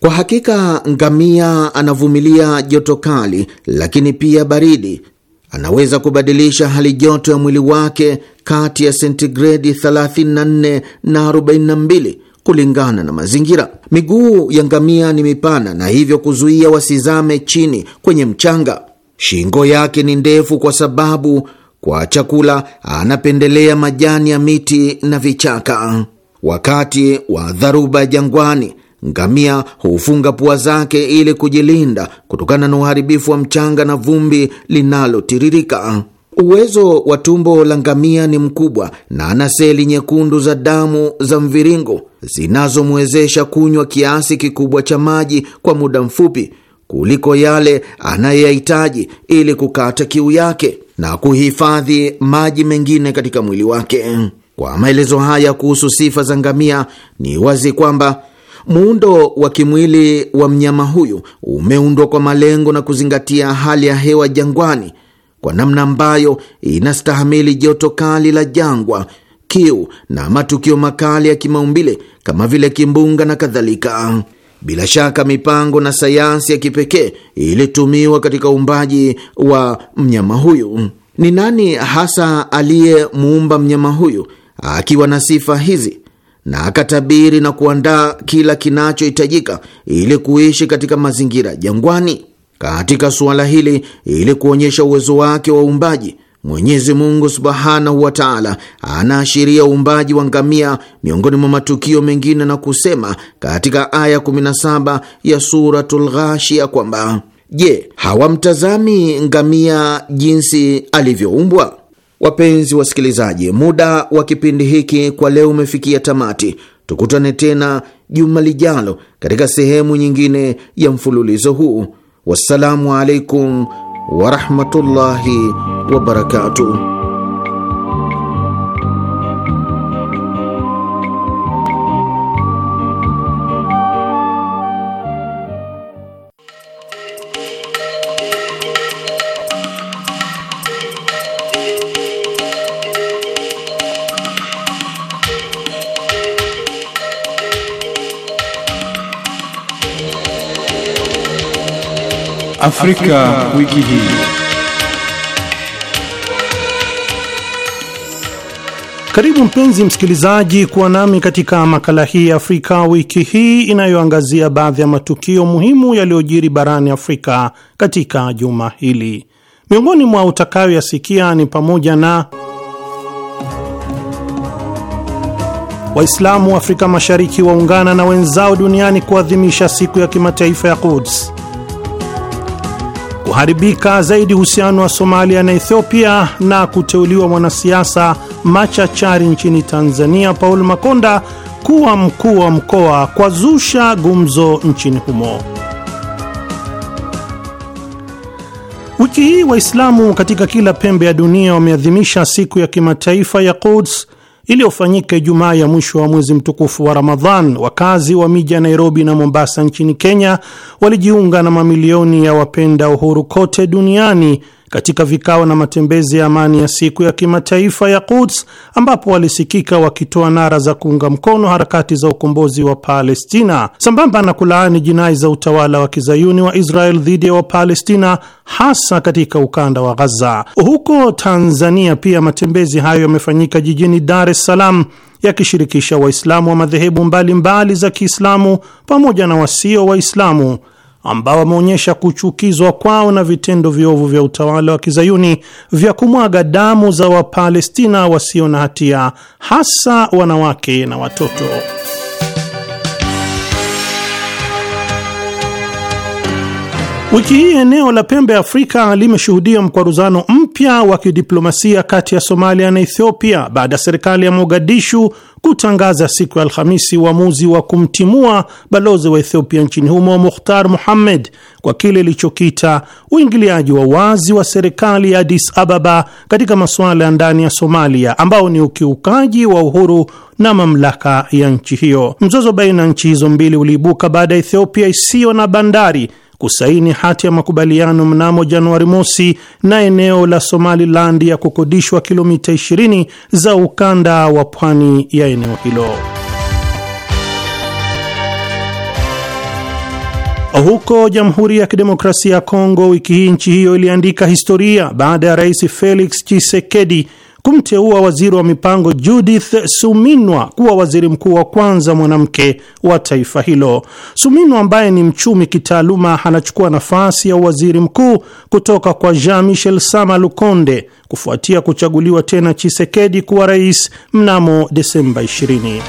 Kwa hakika ngamia anavumilia joto kali, lakini pia baridi. Anaweza kubadilisha hali joto ya mwili wake kati ya sentigredi 34 na 42 kulingana na mazingira. Miguu ya ngamia ni mipana na hivyo kuzuia wasizame chini kwenye mchanga. Shingo yake ni ndefu kwa sababu kwa chakula anapendelea majani ya miti na vichaka. Wakati wa dharuba jangwani, Ngamia hufunga pua zake ili kujilinda kutokana na uharibifu wa mchanga na vumbi linalotiririka. Uwezo wa tumbo la ngamia ni mkubwa na ana seli nyekundu za damu za mviringo zinazomwezesha kunywa kiasi kikubwa cha maji kwa muda mfupi kuliko yale anayeyahitaji ili kukata kiu yake na kuhifadhi maji mengine katika mwili wake. Kwa maelezo haya kuhusu sifa za ngamia, ni wazi kwamba Muundo wa kimwili wa mnyama huyu umeundwa kwa malengo na kuzingatia hali ya hewa jangwani kwa namna ambayo inastahamili joto kali la jangwa, kiu na matukio makali ya kimaumbile kama vile kimbunga na kadhalika. Bila shaka mipango na sayansi ya kipekee ilitumiwa katika uumbaji wa mnyama huyu. Ni nani hasa aliyemuumba mnyama huyu akiwa na sifa hizi na akatabiri na kuandaa kila kinachohitajika ili kuishi katika mazingira jangwani. Katika suala hili, ili kuonyesha uwezo wake wa uumbaji, Mwenyezi Mungu subhanahu wa taala anaashiria uumbaji wa ngamia miongoni mwa matukio mengine na kusema katika aya 17 ya Suratul Ghashia kwamba Je, hawamtazami ngamia jinsi alivyoumbwa? Wapenzi wasikilizaji, muda wa kipindi hiki kwa leo umefikia tamati. Tukutane tena juma lijalo katika sehemu nyingine ya mfululizo huu. Wassalamu alaikum warahmatullahi wabarakatuh.
Afrika, wiki hii.
Karibu mpenzi msikilizaji kuwa nami katika makala hii ya Afrika wiki hii inayoangazia baadhi ya matukio muhimu yaliyojiri barani Afrika katika juma hili. Miongoni mwa utakayoyasikia ni pamoja na Waislamu wa Afrika Mashariki waungana na wenzao duniani kuadhimisha siku ya kimataifa ya Quds kuharibika zaidi uhusiano wa Somalia na Ethiopia na kuteuliwa mwanasiasa machachari nchini Tanzania Paul Makonda kuwa mkuu wa mkoa kwa zusha gumzo nchini humo. Wiki hii Waislamu katika kila pembe ya dunia wameadhimisha siku ya kimataifa ya Quds iliyofanyika Ijumaa ya mwisho wa mwezi mtukufu wa Ramadhan, wakazi wa miji ya Nairobi na Mombasa nchini Kenya walijiunga na mamilioni ya wapenda uhuru kote duniani katika vikao na matembezi ya amani ya siku ya kimataifa ya Quds ambapo walisikika wakitoa nara za kuunga mkono harakati za ukombozi wa Palestina sambamba na kulaani jinai za utawala wa kizayuni wa Israel dhidi ya Wapalestina hasa katika ukanda wa ghaza Huko Tanzania pia matembezi hayo yamefanyika jijini Dar es Salaam yakishirikisha Waislamu wa madhehebu mbalimbali za Kiislamu pamoja na wasio Waislamu ambao wameonyesha kuchukizwa kwao na vitendo viovu vya utawala wa kizayuni vya kumwaga damu za Wapalestina wasio na hatia, hasa wanawake na watoto. Wiki hii eneo la pembe ya Afrika limeshuhudia mkwaruzano mpya wa kidiplomasia kati ya Somalia na Ethiopia baada ya serikali ya Mogadishu kutangaza siku ya Alhamisi uamuzi wa kumtimua balozi wa Ethiopia nchini humo Mukhtar muhammed kwa kile ilichokita uingiliaji wa wazi wa serikali ya Addis Ababa katika masuala ya ndani ya Somalia ambao ni ukiukaji wa uhuru na mamlaka ya nchi hiyo. Mzozo baina ya nchi hizo mbili uliibuka baada ya Ethiopia isiyo na bandari kusaini hati ya makubaliano mnamo Januari mosi na eneo la Somaliland ya kukodishwa kilomita 20 za ukanda wa pwani ya eneo hilo. Huko Jamhuri ya Kidemokrasia ya Kongo, wiki hii nchi hiyo iliandika historia baada ya Rais Felix Tshisekedi kumteua waziri wa mipango Judith Suminwa kuwa waziri mkuu wa kwanza mwanamke wa taifa hilo. Suminwa ambaye ni mchumi kitaaluma, anachukua nafasi ya waziri mkuu kutoka kwa Jean Michel Sama Lukonde kufuatia kuchaguliwa tena Chisekedi kuwa rais mnamo Desemba 20.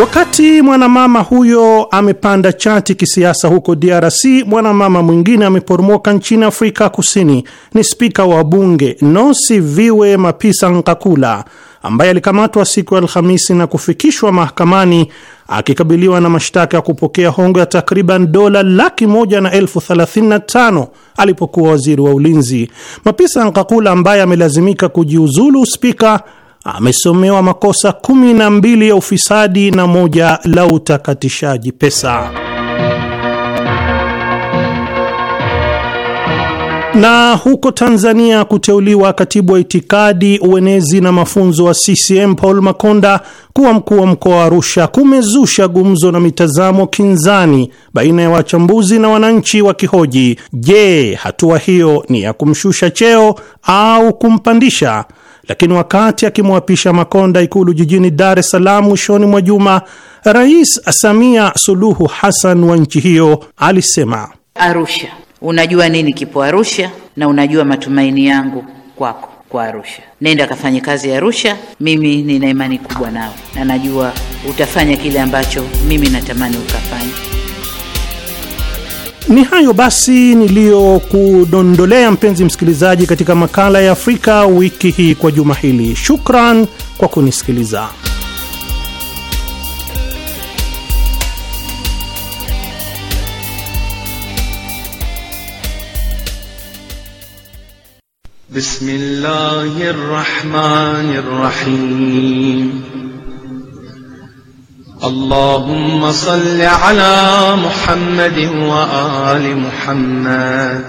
Wakati mwanamama huyo amepanda chati kisiasa huko DRC, mwanamama mwingine ameporomoka nchini Afrika Kusini. Ni spika wa bunge nosi viwe Mapisa Nkakula ambaye alikamatwa siku ya Alhamisi na kufikishwa mahakamani akikabiliwa na mashtaka ya kupokea hongo ya takriban dola laki moja na elfu thelathini na tano alipokuwa waziri wa ulinzi. Mapisa Nkakula ambaye amelazimika kujiuzulu spika amesomewa makosa kumi na mbili ya ufisadi na moja la utakatishaji pesa. Na huko Tanzania, kuteuliwa katibu wa itikadi, uenezi na mafunzo wa CCM Paul Makonda kuwa mkuu wa mkoa wa Arusha kumezusha gumzo na mitazamo kinzani baina ya wachambuzi na wananchi wakihoji, je, hatua hiyo ni ya kumshusha cheo au kumpandisha? Lakini wakati akimwapisha Makonda Ikulu jijini Dar es Salaam mwishoni mwa juma, Rais Samia Suluhu Hassan wa nchi hiyo alisema,
Arusha, unajua nini kipo Arusha na unajua matumaini yangu kwako kwa Arusha. Nenda kafanye kazi ya Arusha, mimi nina imani kubwa nawe na najua utafanya kile ambacho mimi natamani ukafanye.
Ni hayo basi niliyokudondolea mpenzi msikilizaji, katika makala ya Afrika wiki hii kwa juma hili. Shukran kwa kunisikiliza.
اللهم صل على محمد وآل محمد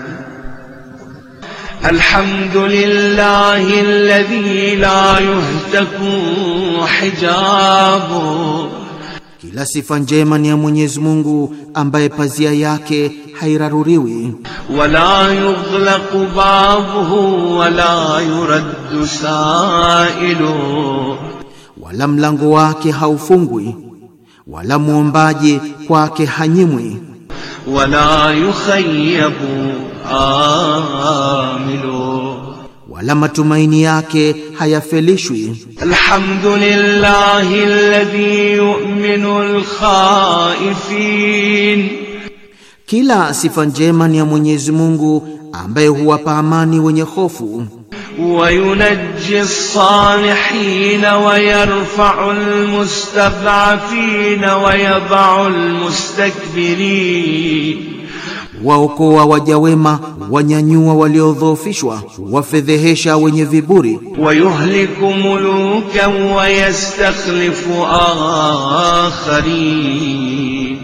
الحمد لله الذي لا يهتك حجابه
كلا صفان جيمان يا منيز مونغو أم باي بازيا ياكي حيراروريوي
ولا يغلق بابه ولا
يرد سائله ولم لنغواكي هاوفونغوي wala muombaje kwake hanyimwi,
wala yukhayyabu amilu,
wala matumaini yake hayafelishwi.
Alhamdulillahi alladhi yu'minu alkhaifin,
kila sifa njema ni ya Mwenyezi Mungu ambaye huwapa amani wenye hofu.
وينجي الصالحين ويرفع المستضعفين ويضع المستكبرين
waokoa waja wema, wanyanyua waliodhoofishwa, wafedhehesha wenye viburi.
wayuhliku mulukan wayastakhlifu akharin,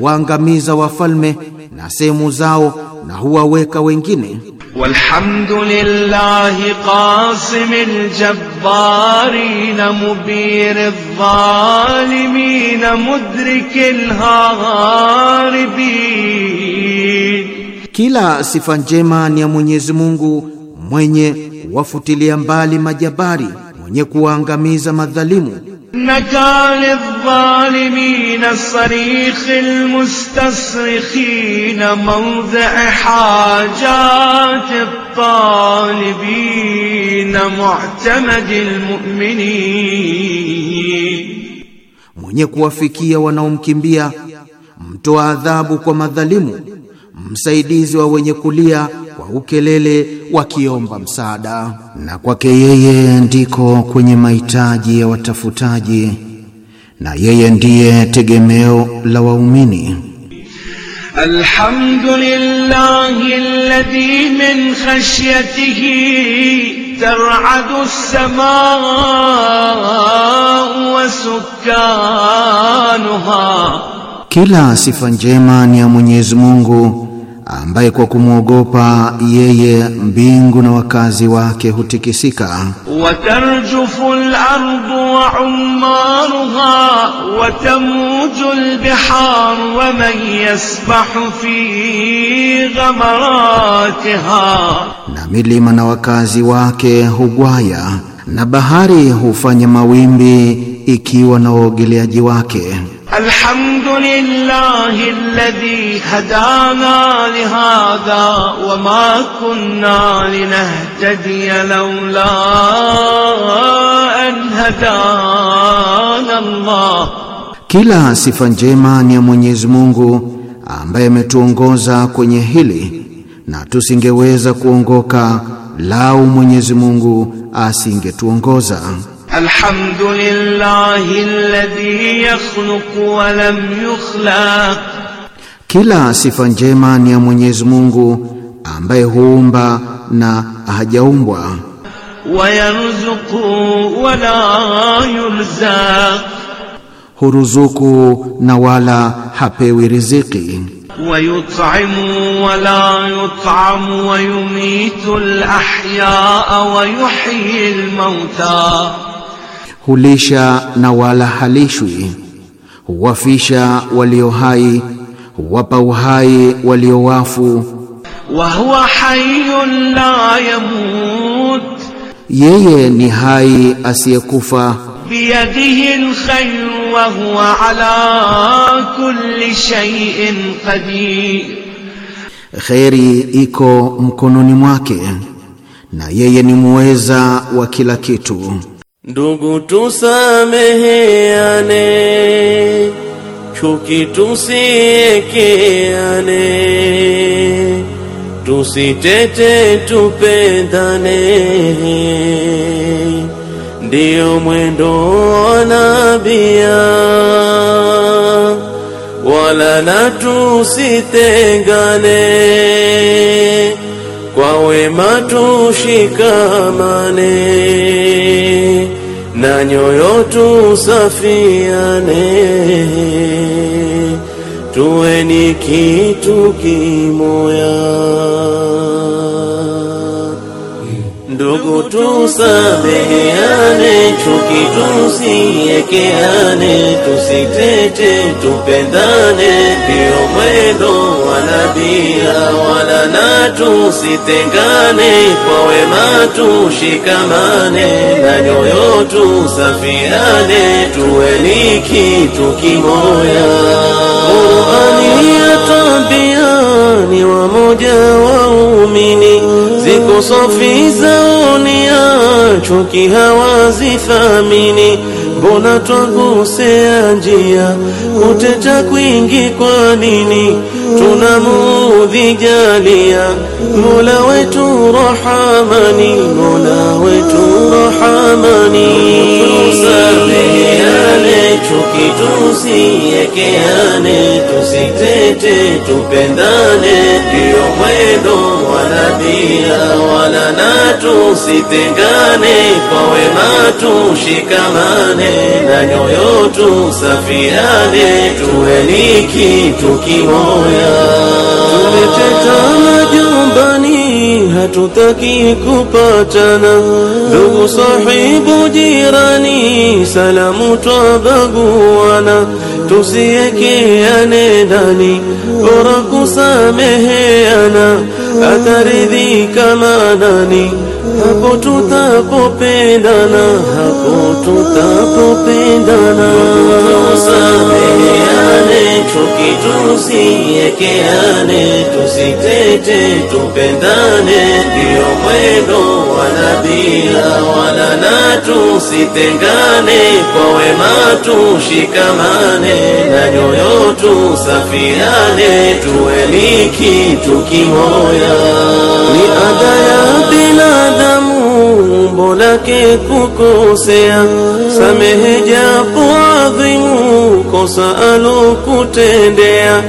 waangamiza
wafalme na sehemu zao na huwaweka wengine.
Walhamdulillahi qasimil jabbarin mubiril zalimin mudrikil haribin,
kila sifa njema ni ya Mwenyezi Mungu mwenye wafutilia mbali majabari mwenye kuwaangamiza madhalimu
إنك للظالمين الصريخ المستصرخين موضع حاجات الطالبين معتمد المؤمنين
mwenye kuwafikia wanaomkimbia mtoa adhabu kwa madhalimu msaidizi wa wenye kulia kwa ukelele wakiomba msaada, na kwake yeye ndiko kwenye mahitaji ya watafutaji, na yeye ndiye tegemeo la waumini.
Alhamdulillahi alladhi min khashyatihi tar'adu as samaau wa sukanuha,
kila sifa njema ni ya Mwenyezi Mungu ambaye kwa kumwogopa yeye mbingu na wakazi wake hutikisika.
watarjufu al-ardu wa ummaruha wa tamuju al-bihar wa man yasbahu fi ghamaratiha,
na milima na wakazi wake hugwaya na bahari hufanya mawimbi ikiwa na waogeleaji wake.
الحمد لله الذي هدانا لهذا وما كنا لنهتدي لولا أن هدانا الله
Kila sifa njema ni ya Mwenyezi Mungu ambaye ametuongoza kwenye hili na tusingeweza kuongoka lau Mwenyezi Mungu asingetuongoza.
الحمد لله الذي يخلق ولم يخلق
kila sifa njema ni ya Mwenyezi Mungu ambaye huumba na hajaumbwa.
Wayarzuqu wa yurzaq,
huruzuku na wala hapewi riziki.
Wayut'imu wa yut'amu, wayumitu al wa yuhyi al
hulisha na wala halishwi, huwafisha walio hai, huwapa uhai walio wafu.
Wa huwa hayyun la yamut,
yeye ni hai asiyekufa.
Biyadihi alkhayru wa huwa ala kulli shay'in qadir,
kheri iko mkononi mwake na yeye ni muweza wa kila kitu.
Ndugu, tusameheane, chuki tusiekeane, tusitete, tupendane, ndiyo mwendo wa nabia, wala na tusitengane kwa wema tushikamane na nyoyo tusafiane, tuweni kitu kimoya. Ndugu, tusameheane, chuki tusiekeane, tusitete, tupendane, ndio mwendo wala bia wala na, tusitengane, kwa wema tushikamane, na nyoyo tusafiane, tuwe ni kitu kimoya imani wa moja wa umini, ziko safi za uniacho kihawazithamini mbona twagusea njia kuteta kwingi kwa nini tunamudhijalia jalia Mola wetu Rahamani, Mola wetu Rahamani, tusamehe chuki, tusiekeane, tusitete, tupendane, ndiyo mwendo wa nabia wala na tusitengane, kwa wema tushikamane, na nyoyo tusafiane, tuwe ni kitu kimoya, هتتكي كوباتنا دوغ صاحب jirani salamu twabaguana tusiekeane ndani bora kusameheana ataridhika manani hapo tutapopendana, hapo tutapopendana. Tusameheane, chuki tusiekeane, tusitete, tupendane, ndiyo mwendo wanabia wanana, tusitengane kwa wema, tushikamane na nyoyo tusafiane, tuwe ni kitu kimoya. Ni ada binadamu mwanadamu, mbolake kukosea, samehe japo adhimu kosa alokutendea.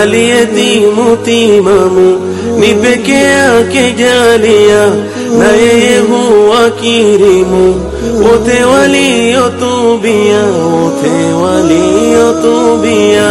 Aliyetimu timamu ni peke yake jalia na yeye huwa kirimu wote waliotubia wote waliotubia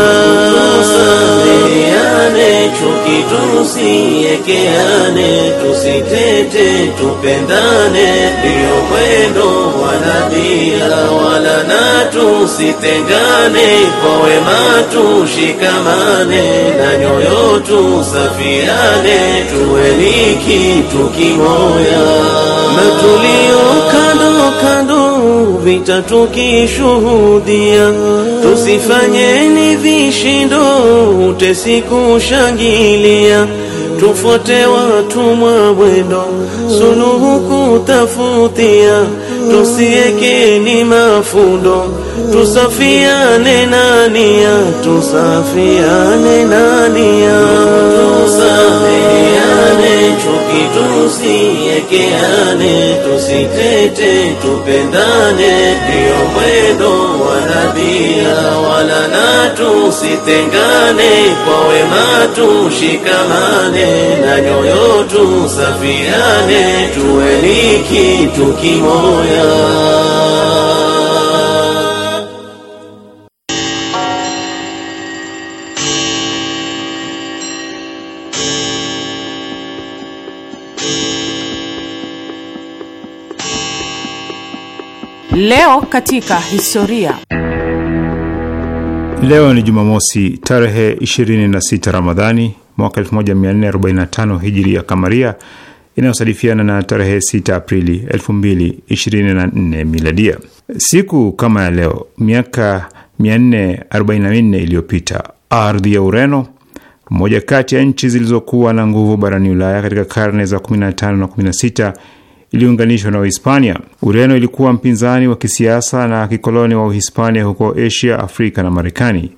tusameane chuki tusiekeane tusitete tupendane ndiyo mwendo wa nabia wala na tusitengane kwa wema tushikamane na nyoyo tusafiane tuwe ni kitu kimoja na kando kando, vita tukishuhudia, tusifanyeni vishindo, utesi sikushangilia tufuate watumwa mwendo, suluhu kutafutia, tusiekeni mafundo tusafiane nania tusafiane nania tusafiane chuki tusiekeane tusitete tupendane ndio mwendo wa nabia wala na tusitengane kwa wema tushikamane na nyoyo tusafiane tuwe ni kitu kimoya
Leo katika historia.
Leo ni Jumamosi tarehe 26 Ramadhani mwaka 1445 hijiri ya kamaria inayosadifiana na tarehe 6 Aprili 2024 miladia. Siku kama ya leo miaka 444 iliyopita, ardhi ya Ureno, moja kati ya nchi zilizokuwa na nguvu barani Ulaya katika karne za 15 na 16 iliunganishwa na Uhispania. Ureno ilikuwa mpinzani wa kisiasa na kikoloni wa Uhispania huko Asia, Afrika na Marekani.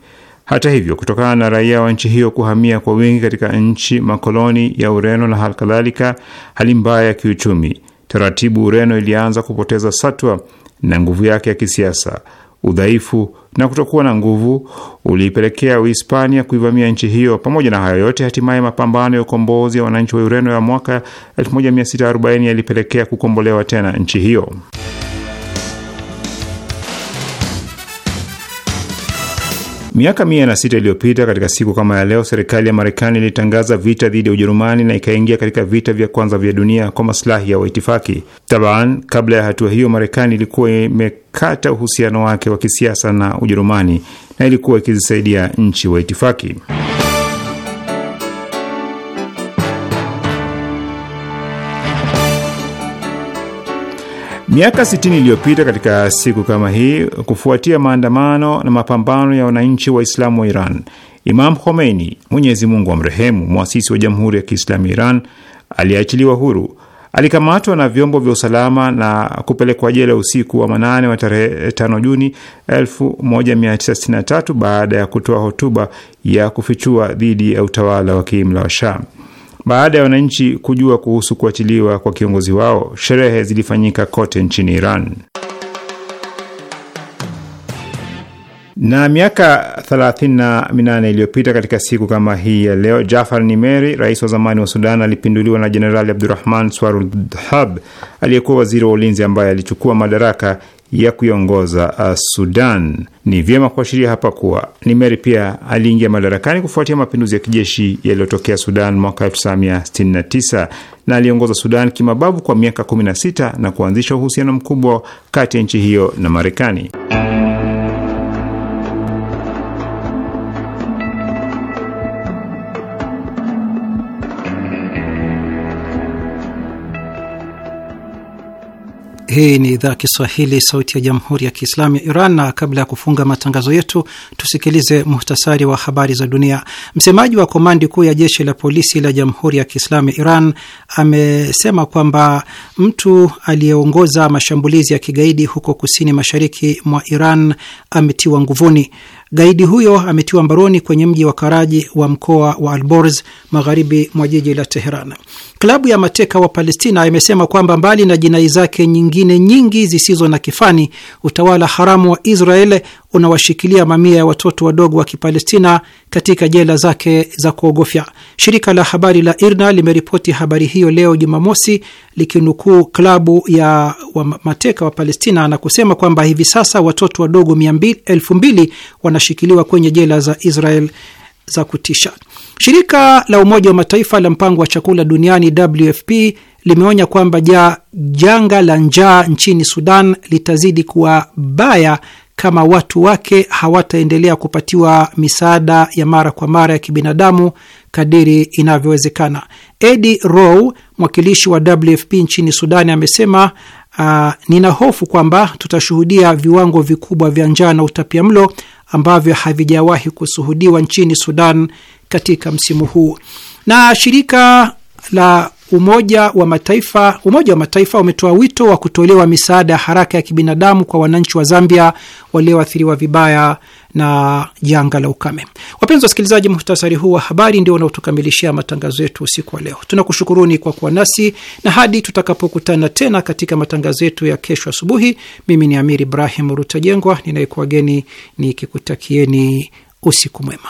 Hata hivyo, kutokana na raia wa nchi hiyo kuhamia kwa wingi katika nchi makoloni ya Ureno na halikadhalika hali mbaya ya kiuchumi, taratibu Ureno ilianza kupoteza satwa na nguvu yake ya kisiasa udhaifu na kutokuwa na nguvu uliipelekea Uhispania kuivamia nchi hiyo. Pamoja na hayo yote, hatimaye mapambano ya ukombozi ya wananchi wa Ureno ya mwaka 1640 yalipelekea kukombolewa tena nchi hiyo. Miaka mia na sita iliyopita katika siku kama ya leo, serikali ya Marekani ilitangaza vita dhidi ya Ujerumani na ikaingia katika vita vya kwanza vya dunia kwa masilahi ya waitifaki. Taban, kabla ya hatua hiyo, Marekani ilikuwa imekata uhusiano wake wa kisiasa na Ujerumani na ilikuwa ikizisaidia nchi waitifaki. Miaka 60 iliyopita katika siku kama hii, kufuatia maandamano na mapambano ya wananchi Waislamu wa Iran, Imam Khomeini, Mwenyezi Mungu amrehemu, mwasisi wa Jamhuri ya Kiislamu ya Iran, aliyeachiliwa huru alikamatwa na vyombo vya usalama na kupelekwa jela usiku wa manane wa tarehe 5 Juni 1963 baada ya kutoa hotuba ya kufichua dhidi ya utawala wa kiimla wa sham baada ya wananchi kujua kuhusu kuachiliwa kwa kiongozi wao, sherehe zilifanyika kote nchini Iran. Na miaka 38 iliyopita katika siku kama hii ya leo, Jafar Nimeri, rais wa zamani wa Sudan, alipinduliwa na Jenerali Abdurahman Swarudhab, aliyekuwa waziri wa ulinzi, ambaye alichukua madaraka ya kuiongoza uh, Sudan. Ni vyema kuashiria hapa kuwa Nimeri pia aliingia madarakani kufuatia mapinduzi ya kijeshi yaliyotokea Sudan mwaka 1969 na aliongoza Sudan kimabavu kwa miaka 16 na kuanzisha uhusiano mkubwa kati ya nchi hiyo na Marekani.
Hii ni idhaa Kiswahili, sauti ya jamhuri ya kiislamu ya Iran. Na kabla ya kufunga matangazo yetu, tusikilize muhtasari wa habari za dunia. Msemaji wa komandi kuu ya jeshi la polisi la jamhuri ya kiislamu ya Iran amesema kwamba mtu aliyeongoza mashambulizi ya kigaidi huko kusini mashariki mwa Iran ametiwa nguvuni. Gaidi huyo ametiwa mbaroni kwenye mji wa Karaji wa mkoa wa Alborz magharibi mwa jiji la Teheran. Klabu ya mateka wa Palestina imesema kwamba mbali na jinai zake nyingine nyingi zisizo na kifani, utawala haramu wa Israel unawashikilia mamia ya watoto wadogo wa Kipalestina katika jela zake za kuogofya. Shirika la habari la IRNA limeripoti habari hiyo leo Jumamosi likinukuu klabu ya wa mateka wa Palestina na kusema kwamba hivi sasa watoto wadogo elfu mbili wanashikiliwa kwenye jela za Israel za kutisha. Shirika la Umoja wa Mataifa la mpango wa chakula duniani WFP limeonya kwamba ja, janga la njaa nchini Sudan litazidi kuwa baya kama watu wake hawataendelea kupatiwa misaada ya mara kwa mara ya kibinadamu kadiri inavyowezekana. Eddie Rowe, mwakilishi wa WFP nchini Sudani, amesema uh, nina hofu kwamba tutashuhudia viwango vikubwa vya njaa na utapiamlo ambavyo havijawahi kushuhudiwa nchini Sudan katika msimu huu. Na shirika la Umoja wa Mataifa, Umoja wa Mataifa umetoa wito wa kutolewa misaada ya haraka ya kibinadamu kwa wananchi wa Zambia walioathiriwa vibaya na janga la ukame. Wapenzi wasikilizaji, muhtasari huu wa habari ndio unaotukamilishia matangazo yetu usiku wa leo. Tunakushukuruni kwa kuwa nasi na hadi tutakapokutana tena katika matangazo yetu ya kesho asubuhi, mimi ni Amir Ibrahim Rutajengwa ninayekuwageni nikikutakieni usiku mwema.